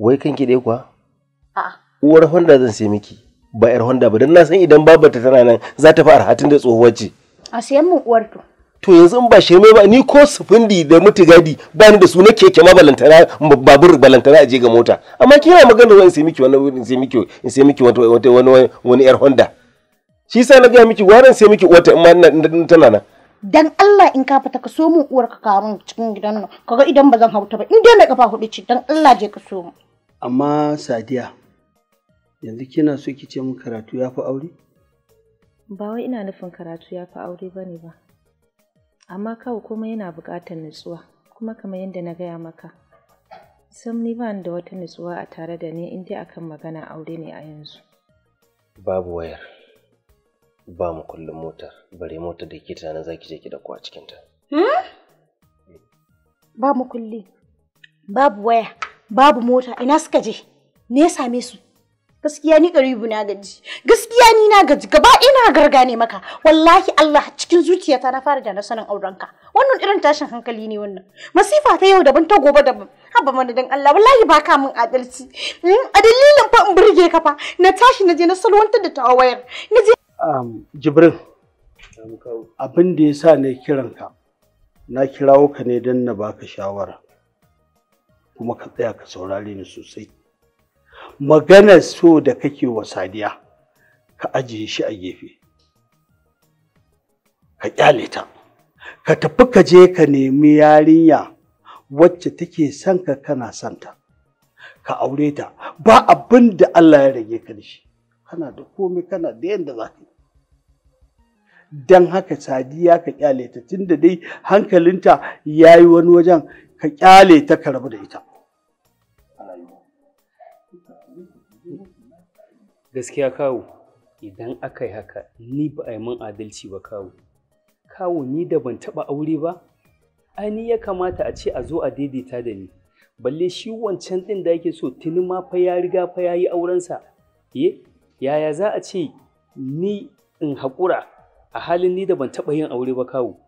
wai kan ɗaya kuwa uwar honda zan sai miki ba yar honda ba don na san idan babarta tana nan za ta fi arhatin da tsohuwar ce a sayan min uwar to to yanzu in ba shirme ba ni ko sufundi da mutigadi ba ni da su na keke ma balantana babur balantana a je ga mota amma ki yana magana wani sai miki wannan in sai miki in sai miki wata wata wani wani yar Honda shi yasa na ga miki waran sai miki wata in ma tana nan dan Allah in ka fita ka so mu uwar ka kawo cikin gidan nan kaga idan ba zan hauta ba in dai na kafa hudu ci dan Allah je ka so mu amma sadiya yanzu kina so ki ce min karatu ya fi aure? ba wai ina nufin karatu ya fi aure ba ne ba amma kawai kuma yana buƙatar nutsuwa kuma kamar yadda na gaya maka sam ni ba da wata nutsuwa a tare da ni in dai akan magana aure ne a yanzu babu wayar ba mu kullum motar bare motar da ke za zaki je ki dauko a cikinta hmm? ba mu kulli babu waya babu mota ina suka je ne same su gaskiya ni karibu na gaji gaskiya ni na gaji gaba ina gargane maka wallahi Allah cikin zuciyata na fara da na sanin ka wannan irin tashin hankali ne wannan masifa ta yau daban ta gobe daban haba mana dan Allah wallahi ba ka min adalci hmm, a dalilin fa in burge ka fa na tashi na je na salwantar da tawa na je um jibrin abin da yasa ne kiranka na kirawo ka ne dan na baka shawara kuma ka tsaya ka saurare ni sosai maganar so da kake wa sadiya ka ajiye shi a gefe ka kyale ta ka tafi ka je ka nemi yarinya wacce take son ka kana son ta ka aure ta ba abin da Allah ya rage ka da shi kana da komai kana da yadda za ka yi haka sadiya ka kyale ta tunda dai hankalinta yayi wani wajen ka kyale ta ka rabu da ita gaskiya kawo idan aka yi haka ni ba a yi min adalci ba kawo kawo ni da ban taba aure ba ni ya kamata a ce a zo a daidaita da ni balle shi wancan ɗin da yake so tuni ma fa ya riga fa ya yi aurensa ye eh, yaya za a ce ni in haƙura a halin ni da ban taɓa yin aure ba kawo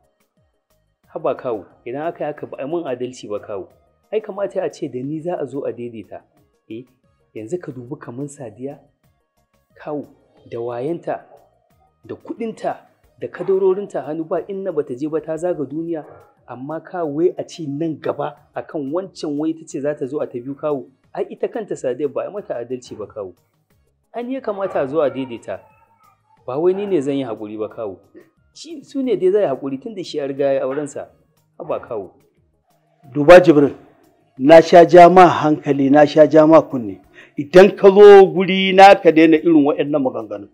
haba kawo idan aka yi haka ba a yi min adalci ba kawo ai kamata a ce da ni za a zo a daidaita eh yanzu ka dubi kamar sadiya kawu da wayanta da kudinta da kadarorinta hannu ba inna bata je ba ta zaga duniya amma kawu wai a ci nan gaba akan wancan wai ta ce za ta zo a ta biyu kawu ai ita kanta sadai ba mata adalci ba kawu an ya kamata a zo a daidaita ba wai ni ne zan yi haƙuri ba kawu shi su ne dai zai haƙuri tun da shi ya riga ya aurensa ba kawu duba jibril na sha ja hankali na sha ja kunne idan ka zo guri na ka daina irin waɗannan maganganun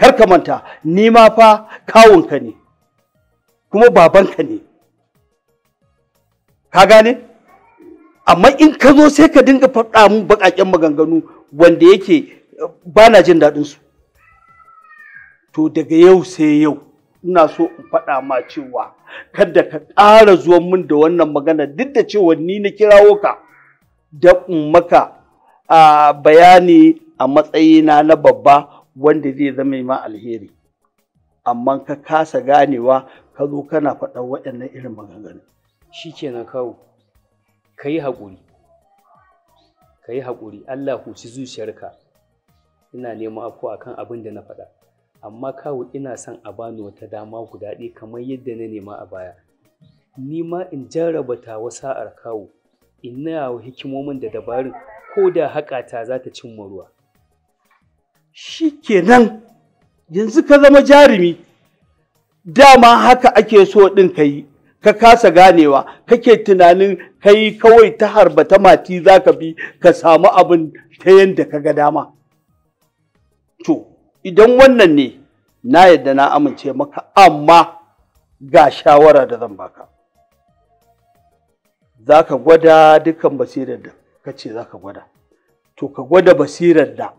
kar ka manta ni ma fa kawunka ne kuma babanka ne ka gane amma in ka zo sai ka dinga faɗa mun baƙaƙen maganganu wanda yake eh, ba na jin daɗin su to daga yau sai yau ina so in faɗa ma cewa kada ka ƙara zuwa mun da wannan magana duk da cewa ni na kirawo ka da in maka a bayani a matsayina na babba wanda zai zama ma alheri amma ka kasa ganewa ka zo kana faɗa waɗannan irin maganganu shi kenan kawo ka yi haƙuri ka yi haƙuri allah huci zuciyarka ina neman a kan abin da na faɗa amma kawo ina son a bani wata dama guda ɗaya kamar yadda na nema a baya ni ma in jarraba tawa sa'ar kawo ina hikimomin da dabarun ko da ta za ta cimma ruwa. Shi kenan yanzu ka zama jarumi, dama haka ake so ɗin ka yi, ka kasa ganewa, kake tunanin ka yi kawai ta harbata mati za ka bi ka samu abin ta yadda ka ga dama. To, idan wannan ne, na yadda na amince maka, amma ga shawara da zan baka. Za ka gwada dukkan basirar da ka ce za ka gwada to ka gwada basirar da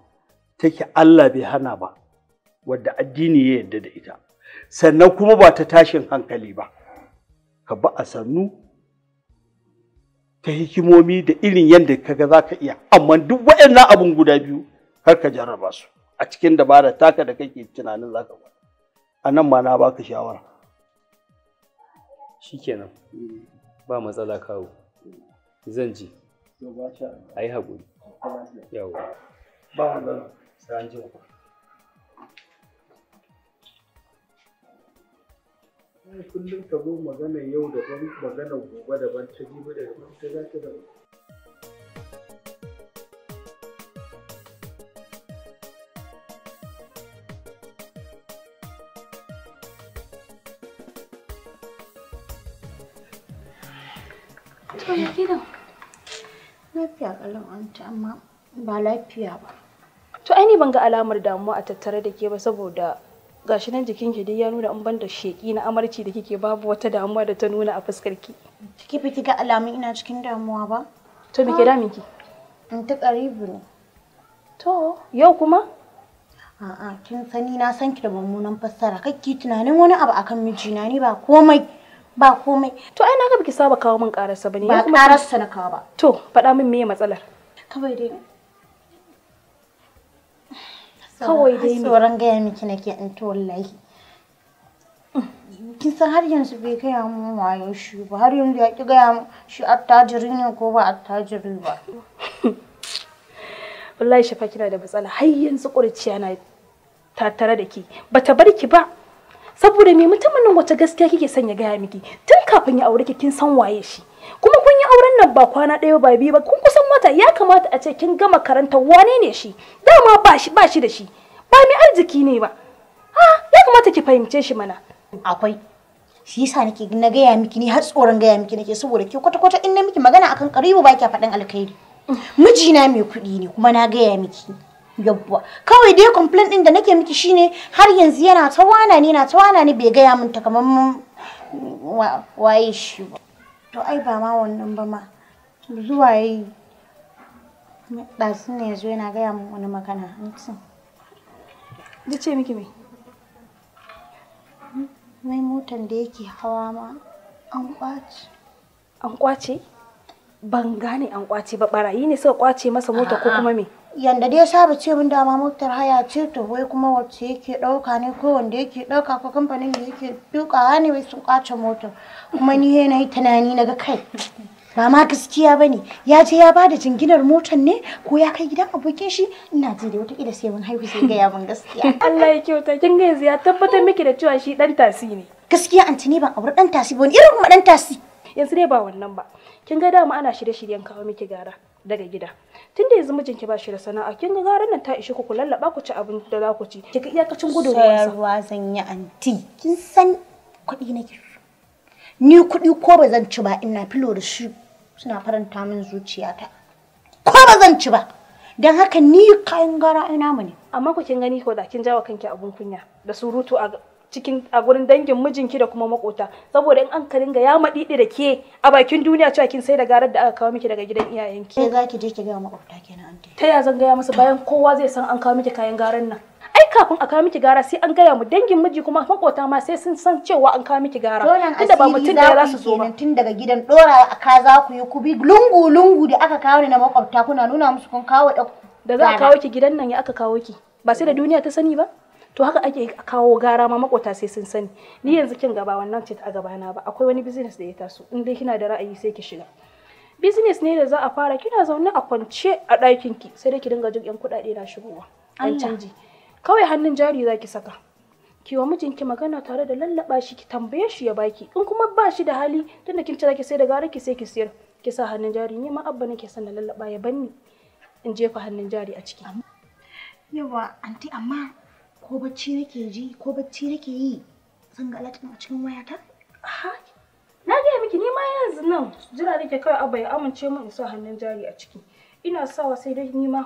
take Allah bai hana ba wadda addini ya yarda da ita sannan kuma ba ta tashin hankali ba ka ba a sannu ta hikimomi da irin yadda ka ga za ka iya amma duk waɗannan abin guda biyu kar ka jarraba su a cikin dabara taka da kake tunanin za ka gwada a nan ma na baka shawara shikenan ba matsala kawo zan ji a yi haƙuri yau ba wanda sai an ji kullum ka zo magana yau daban magana gobe daban ta jibi da daban ta za ta Oh, yeah, you know. Lafiya ƙalau anti amma ba lafiya ba. To ai ni ban ga alamar damuwa a tattare da ke ba saboda gashi nan jikin ki dai ya nuna in ban da sheki na amarci da kike babu wata damuwa da ta nuna a fuskar ki. Kike fi ki ga alamun ina cikin damuwa ba? To me ke damin ki? In ta karibu ne. To yau kuma? A'a kin sani na san ki da mummunan fassara kakki tunanin wani abu akan mijina ni ba komai. ba komai to ai na ga biki saba kawo min karasa bane ba karasa na kawo ba to faɗa min meye matsalar kawai dai kawai dai tsoron gaya miki nake in to wallahi kin san har yanzu bai gaya mu wayo shi ba har yanzu ya ki gaya mu shi attajiri ne ko ba attajiri ba wallahi shafa kina da matsala har yanzu kurciya na tattare da ki bata bar ki ba saboda me mutumin nan wace gaskiya kike son ya gaya miki tun kafin ya aure ki kin san waye shi kuma kun yi auren nan ba kwana daya ba biyu ba kun kusan wata ya kamata a ce kin gama karanta wane ne shi dama ba shi ba shi da shi ba mai arziki ne ba ha ya kamata ki fahimce shi mana akwai shi yasa nake na gaya miki ne, har tsoron gaya miki nake saboda ke kwata kwata in na miki magana akan karibu ba kya faɗin alkhairi mm. mijina mai kuɗi ne kuma na gaya miki yabbuwa kawai dai complain din da nake miki shine har yanzu yana ta wana ne na ta wana ne bai gaya min mun waye shi ba to ai ba ma wannan ba ma zuwa yayi ɗasu ne yanzu yana gaya min wani magana antin da ce miki me mai hmm? motan da yake hawa ma an kwace an kwace ban gane an kwace ba barayi ne suka kwace masa mota ko kuma me yanda dai saba ce min dama motar haya ce to wai kuma wacce yake ɗauka ne ko wanda yake ɗauka ko kamfanin da yake duka ne wai sun kwace mota kuma ni he na yi tunani na ga kai ba ma gaskiya bane ya je ya bada jinginar motar ne ko ya kai gidan abokin shi ina ji da wata kida sai mun haihu sai ga ya gaskiya Allah ya kyauta kin ga yanzu ya tabbatar miki da cewa shi dan tasi ne gaskiya anti ne ban aure dan tasi ba irin kuma dan tasi yanzu dai ba wannan ba kin ga dama ana shirye-shiryen kawo miki gara daga gida tun da yanzu mijinki ba shi da sana'a kin ga garan nan ta ishe ku ku lallaba ku ci abin da za ku ci kika iyakacin gudun ruwa ruwa zan yi anti kin san kuɗi nake ni kuɗi ko ba zan ci ba ina filo da shi suna faranta min zuciyata ko ba zan ci ba don haka ni kayan gara ina mu ne amma ku kin gani ko da kin jawo kanki abun kunya da surutu a cikin a gurin dangin mijinki da kuma makota saboda in an ka dinga ya madidi da ke a bakin duniya cewa kin sai da garar da aka kawo miki daga gidan iyayenki sai zaki je ki ga makota kenan anti ta ya zan gaya masa bayan kowa zai san an kawo miki kayan garan nan ai kafin a kawo miki gara sai an gaya mu dangin miji kuma makota ma sai sun san cewa an kawo miki gara tunda ba mutum da ya su zo ba tun daga gidan dora a ka za ku yi ku bi lungu lungu da aka kawo ni na makota kuna nuna musu kun kawo da za a kawo ki gidan nan ya aka kawo ki ba sai da duniya ta sani ba to haka ake kawo gara ma makota sai sun sani ni yanzu kin gaba wannan ce ta gaba na ba akwai wani business da ya taso in dai kina da ra'ayi sai ki shiga business ne da za a fara kina zaune a kwance a ɗakin ki sai dai ki dinga jin yan kuɗaɗe na shigowa an canji kawai hannun jari za ki saka ki wa mijinki magana tare da lallaba shi ki tambaye shi ya baki in kuma ba shi da hali tunda kin cira ki sai da gara ki sai ki siyar ki sa hannun jari ni ma abba nake son da lallaba ya banni in jefa hannun jari a ciki yawa anti amma ko bacci nake ji ko bacci nake yi sun ga alatin a cikin wayata na gaya miki ni ma yanzu nan jira nake kawai abu ya amince min in sa hannun jari a ciki ina sawa sai dai ni ma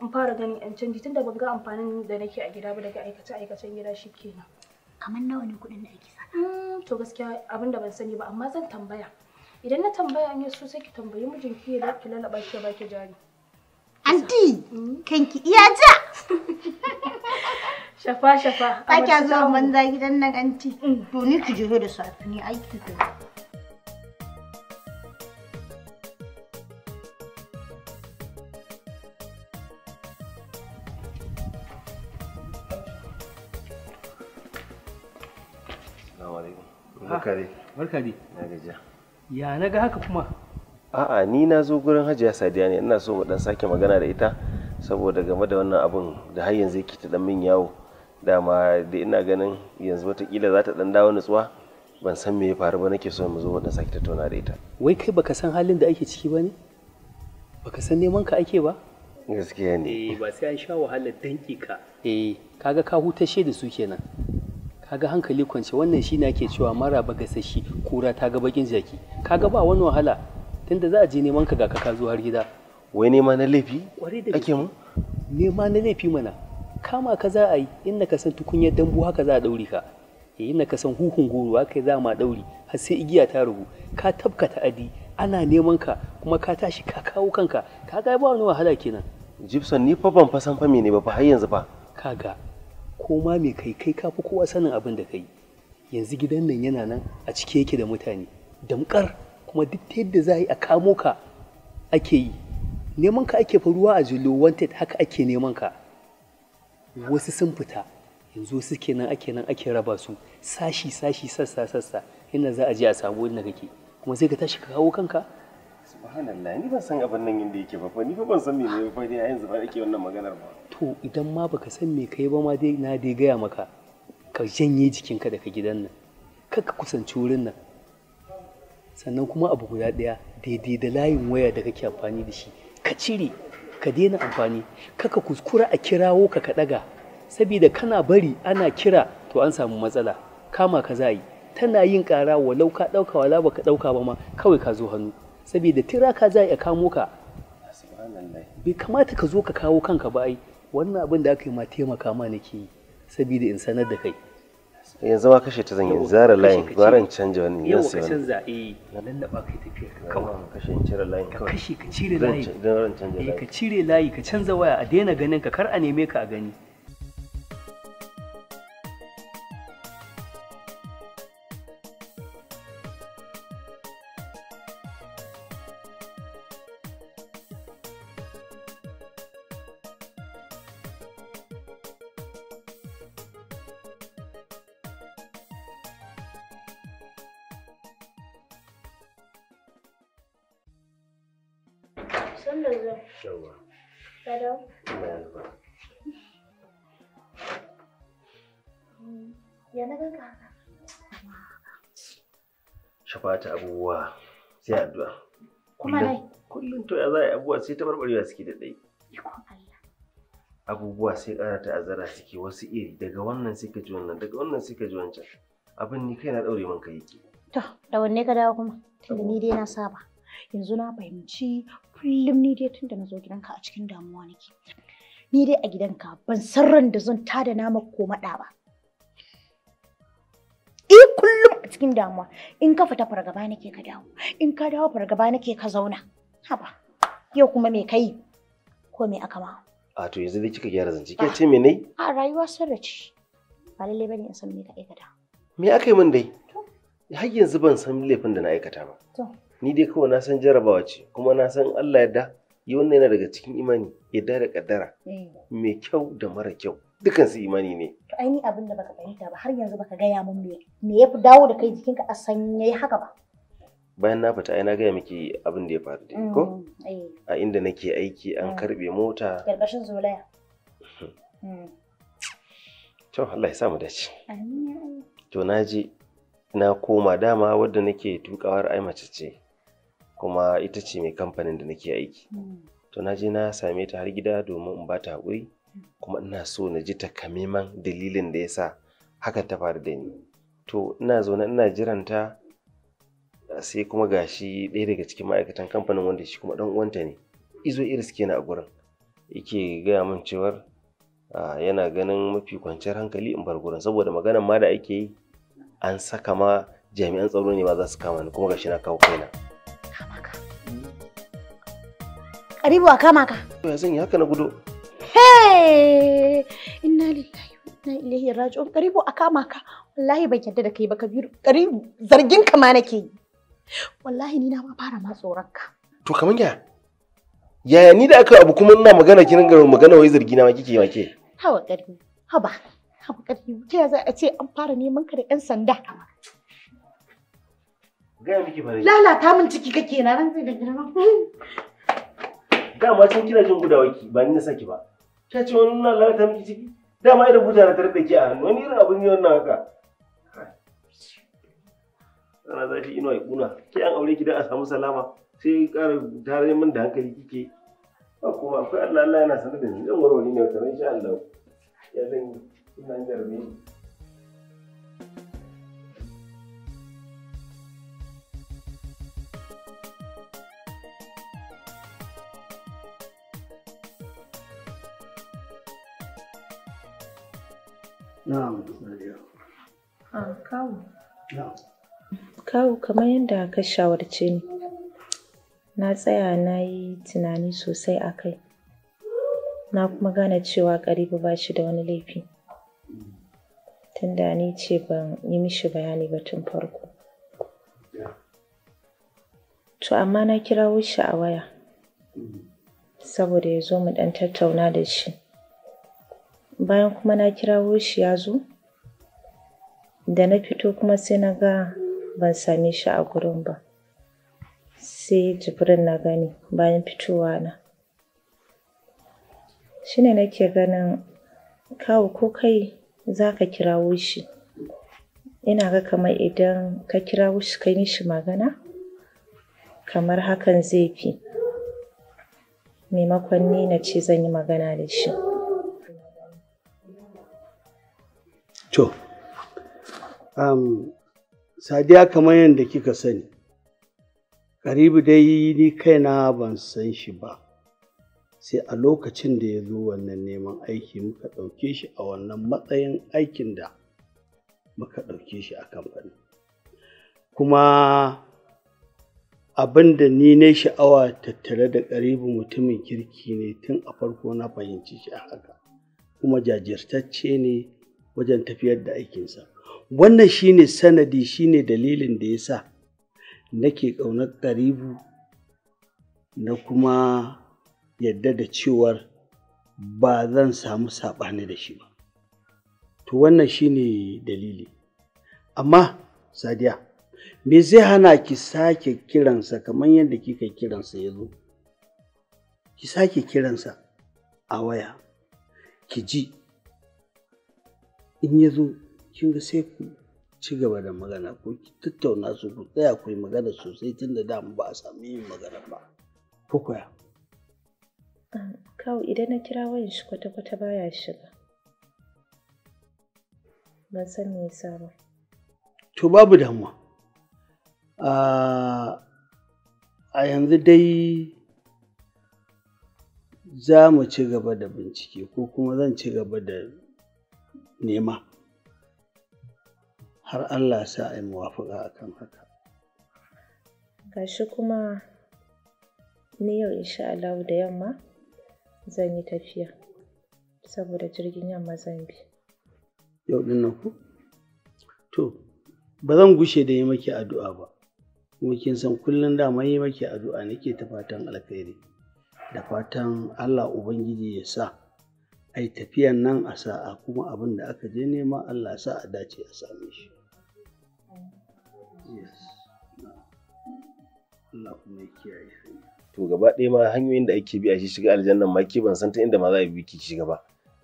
in fara ganin yan canji tunda ban ga amfanin da nake a gida ba daga aikace aikacen gida shi kenan. kamar nawa ne kuɗin da ake sa. Hmm, to gaskiya abin da ban sani ba amma zan tambaya idan na tambaya an so sai ki tambayi mijinki ya ki lalaba ki ba ki jari anti hmm? kanki iya ja shafa shafa ka zuwa banza gidan nan anti mm. to ni ki jiro da safi ni aiki da ah, Barka Ya na ga haka kuma? A'a ni na zo gurin Hajiya Sadiya ne ina so mu dan sake magana da ita saboda game da wannan abun da har yanzu yake ta dan min yawo. dama da ina ganin yanzu watakila za ta dan dawo nutsuwa ban san me ya faru ba nake so mu zo mu sake tattauna da ita wai kai baka san halin da ake ciki ba ne baka san neman ka ake ba gaskiya ne eh ba sai an sha wahalar danki ka eh kaga ka hutashe da su kenan kaga hankali kwance wannan shine ake cewa mara ba gasashi kura ta ga bakin jaki kaga ba wani wahala tunda za a je neman ka ga ka zo har gida wai nema na laifi ake mu nema na laifi mana kama ka za a yi in ka san tukunyar dambu haka za a ɗauri ka ya eh, inda ka san huhun goro haka za ma ɗauri har sai igiya ta rubu ka tabka adi ana neman ka kuma ka tashi ka kawo kanka ka ga ba wani wahala kenan jibson ni fa ban fa fa ne ba fa har yanzu fa kaga ko ma me kai kai ka fi kowa sanin abin da kai yanzu gidan nan yana nan a cike yake da mutane damkar kuma duk ta yadda za a yi a kamo ka ake yi neman ka ake faruwa a jullo wanted haka ake neman ka wasu sun fita yanzu suke nan ake nan ake raba su sashi sashi sassa sassa inda za a je a samu inda kake kuma sai ka tashi ka kawo kanka subhanallah ni ban san abin nan yadda yake ba fa ni ban san me ne ba dai yanzu ba ake wannan maganar ba to idan ma baka san me kai ba ma dai na dai gaya maka ka janye jikinka daga gidan nan kar ka kusanci wurin nan sannan kuma abu guda ɗaya daidai da layin waya da kake amfani da shi ka cire ka daina amfani kaka kuskura a kirawo ka ka daga saboda kana bari ana kira to an samu matsala kama ka za yi tana yin kara walau ka dauka wala baka dauka ba ma kawai ka zo hannu saboda tira ka za a kamo ka bai kamata ka zo ka kawo kanka ba ai wannan abin da aka yi ma taimaka ma nake yi saboda in sanar da kai yanzu eh, ma kashe ta zanyi zara layin gwaran canja wani yau ka wani zaɓe eh, nan da ba kai tafiya ka kawo ka kashe cire layin ka kashe ka cire layin eh, ka cire layi ka canza waya a daina ganin ka kar a neme ka a gani Son da zuwa. Yawa. Kada. Ya na ganka haka. Shafata abubuwa sai addu'a. Kullum kullum to ya za a yi abubuwa sai ta barbarewa suke da ɗai. Abubuwa sai ƙara ta'azzara suke wasu iri daga wannan sai ka ji wannan daga wannan sai ka ji wancan. Abin ni kai na ɗaure man ka yake. To, da wanne ka dawo kuma? Tunda ni dai na saba. Yanzu na fahimci kullum ni dai tun da na zo gidanka a cikin damuwa nake ni dai a gidanka ban san ran da zan tada nama ko maɗa ba E, kullum a cikin damuwa in ka fita fargaba nake ka dawo in ka dawo fargaba nake ka zauna haba yau kuma me kai ko me aka ma a to yanzu dai kika gyara zance ke ah. ce me ne a rayuwa sarra ba lalle bane in san me ka aikata me aka yi min dai har yanzu ban san laifin da na aikata ba to ni dai kawai na san jarabawa ce kuma na san Allah yadda yi eh, wannan yana daga cikin imani yadda da kaddara eh. mai kyau da mara kyau dukan su imani ne to ai ni abin da baka fahimta ba har yanzu baka gaya mun me me ya dawo da kai jikin ka a sanye haka ba bayan na fita ai na gaya miki abin da ya faru dai ko mm, eh. a inda nake aiki an mm. karbe mota karkashin zolaya mm. to Allah ya sa mu dace amin to naji na koma dama wadda nake tukawar ai mace ce kuma ita ce mai kamfanin da nake aiki to na je na same ta har gida domin in ba ta haƙuri kuma ina so na ji takamaiman dalilin da ya sa haka ta faru da ni to ina zaune ina jiranta sai kuma ga shi ɗaya daga cikin ma'aikatan kamfanin wanda shi kuma ɗan uwanta ne izo suke na a gurin yake gaya min cewar yana ganin mafi kwanciyar hankali in bar gurin saboda maganan ma da ake yi an saka ma jami'an tsaro ne ma za su kama ni kuma gashi na kawo kaina Karibu a kama ka. Ya zan yi haka na gudu. Hey! Inna lillahi wa inna ilaihi raji'un. Karibu a kama ka. Wallahi ban yarda da kai ba Kabiru. Karibu zargin ka ma nake yi. Wallahi ni na ma fara ma tsoron ka. To kaman ya? Yaya ni da aka abu kuma ina magana kin ga magana wai zargi na ma kike wake. ke? Hawa Karibu. Haba. Hawa Karibu. Ta za a ce an fara neman ka da 'yan sanda. Gaya miki bare. Lalata min ciki kake na ran zai da girma. dama sun kina jin gudawaki ba ni na saki ba ta ce wani na lalata miki ciki dama da buta na tarar da ke a hannu wani irin abin ne wannan haka ana zafi ino ya kuna ke an aure ki dan a samu salama sai ƙara tare min da hankali kike ba kuma akwai Allah Allah yana sanar da ni zan warware ne wata sha Allah ya zan yi ina jarabe ni Ah, kawu. kamar yadda ka shawarce ni, na tsaya na yi tunani sosai a kai, na kuma gane cewa Karibu ba shi da wani laifi. Tunda ni ce ban yi mishi bayani ba tun farko. To amma na kirawo shi a waya, mm. saboda ya zo mu ɗan tattauna da shi. bayan kuma na kirawo shi ya zo da na fito kuma sai na ga ban same shi a gurin ba sai jibrin na gani bayan fitowa na shine nake ganin kawo ko kai za ka kirawo shi ina ga kamar idan ka kirawo shi ka yi shi magana kamar hakan zai fi maimakon ni na ce zan yi magana da shi To, um, sadiya kamar yadda kika sani, Karibu dai ni kaina ban san shi ba, sai a lokacin da ya zo wannan neman aiki muka ɗauke shi a wannan matsayin aikin da muka ɗauke shi a kamfani. Kuma abin da ni ne sha'awa tattare da Karibu mutumin kirki ne tun a farko na fahimci shi a haka, kuma jajirtacce ne. wajen tafiyar da aikinsa wannan shine sanadi shine dalilin da ya sa nake ƙaunar ƙaribu na kuma yadda da cewar ba zan samu saɓani da shi ba to wannan shine dalili amma sadiya me zai hana ki sake kiransa kamar yadda kika kiransa ya zo ki sake kiransa a waya ki ji in ya zo kin ga sai ku ci gaba da magana ko ki tattauna su ku tsaya ku yi magana sosai tun da dama ba a sami yin magana ba ko koya kawai idan na kira wayan shi kwata-kwata baya shiga ban san me yasa ba to babu damuwa a yanzu dai za mu ci gaba da bincike ko kuma zan ci gaba da nema har Allah sa a yi muwafuka a kan haka. Gashi kuma ni yau insha Allah da yamma zan yi tafiya saboda jirgin yamma zan bi. Yau ɗin ku? To, ba zan gushe da yi maki addu'a ba, kuma kin san kullum da mai yi maki addu'a nake ta fatan alkhairi, da fatan Allah Ubangiji ya sa. ai tafiyan nan a sa'a kuma abin da aka je nema Allah sa a dace a same shi Allah kuma kiyaye to gaba ɗaya ma hanyoyin da ake bi a shi shiga aljannan ma ke ban san ta inda ma za a bi ki shiga ba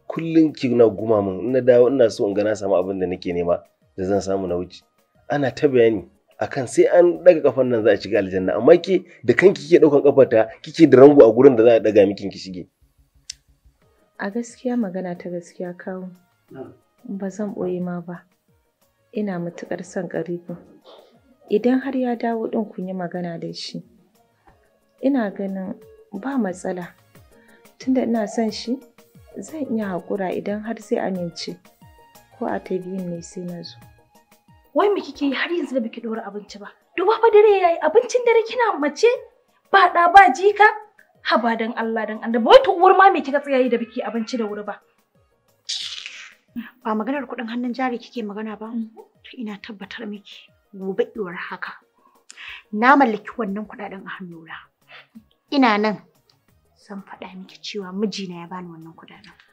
kullum ki na guma min in na dawo ina so in ga na samu abin da nake nema da zan samu na wuce ana ta bayani akan sai an daga kafan nan za a shiga aljanna amma ke da kanki kike daukan kafarta kike da rango a gurin da za a daga miki ki shige A gaskiya magana ta gaskiya kawo. Ba zan ɓoye ma ba. Ina matuƙar son ƙaribu. Idan har ya dawo ɗin kun yi magana da shi. Ina ganin ba matsala. Tunda ina son shi, zan iya haƙura idan har zai amince. Ko a ta biyun ne sai na zo. Wai me kike yi har yanzu da biki ɗora abinci ba? Duba fa dare yayi abincin dare kina mace ba ɗa ba jika? haba dan Allah dan Allah ba wata uwar ma me kika tsayayi da biki abinci da wuri ba ba maganar kuɗin hannun jari kike magana ba mm-hmm. to ina tabbatar miki gobe iwar haka na mallaki wannan kuɗaɗen a hannuna ina nan zan faɗa miki cewa mijina ya bani wannan kuɗaɗen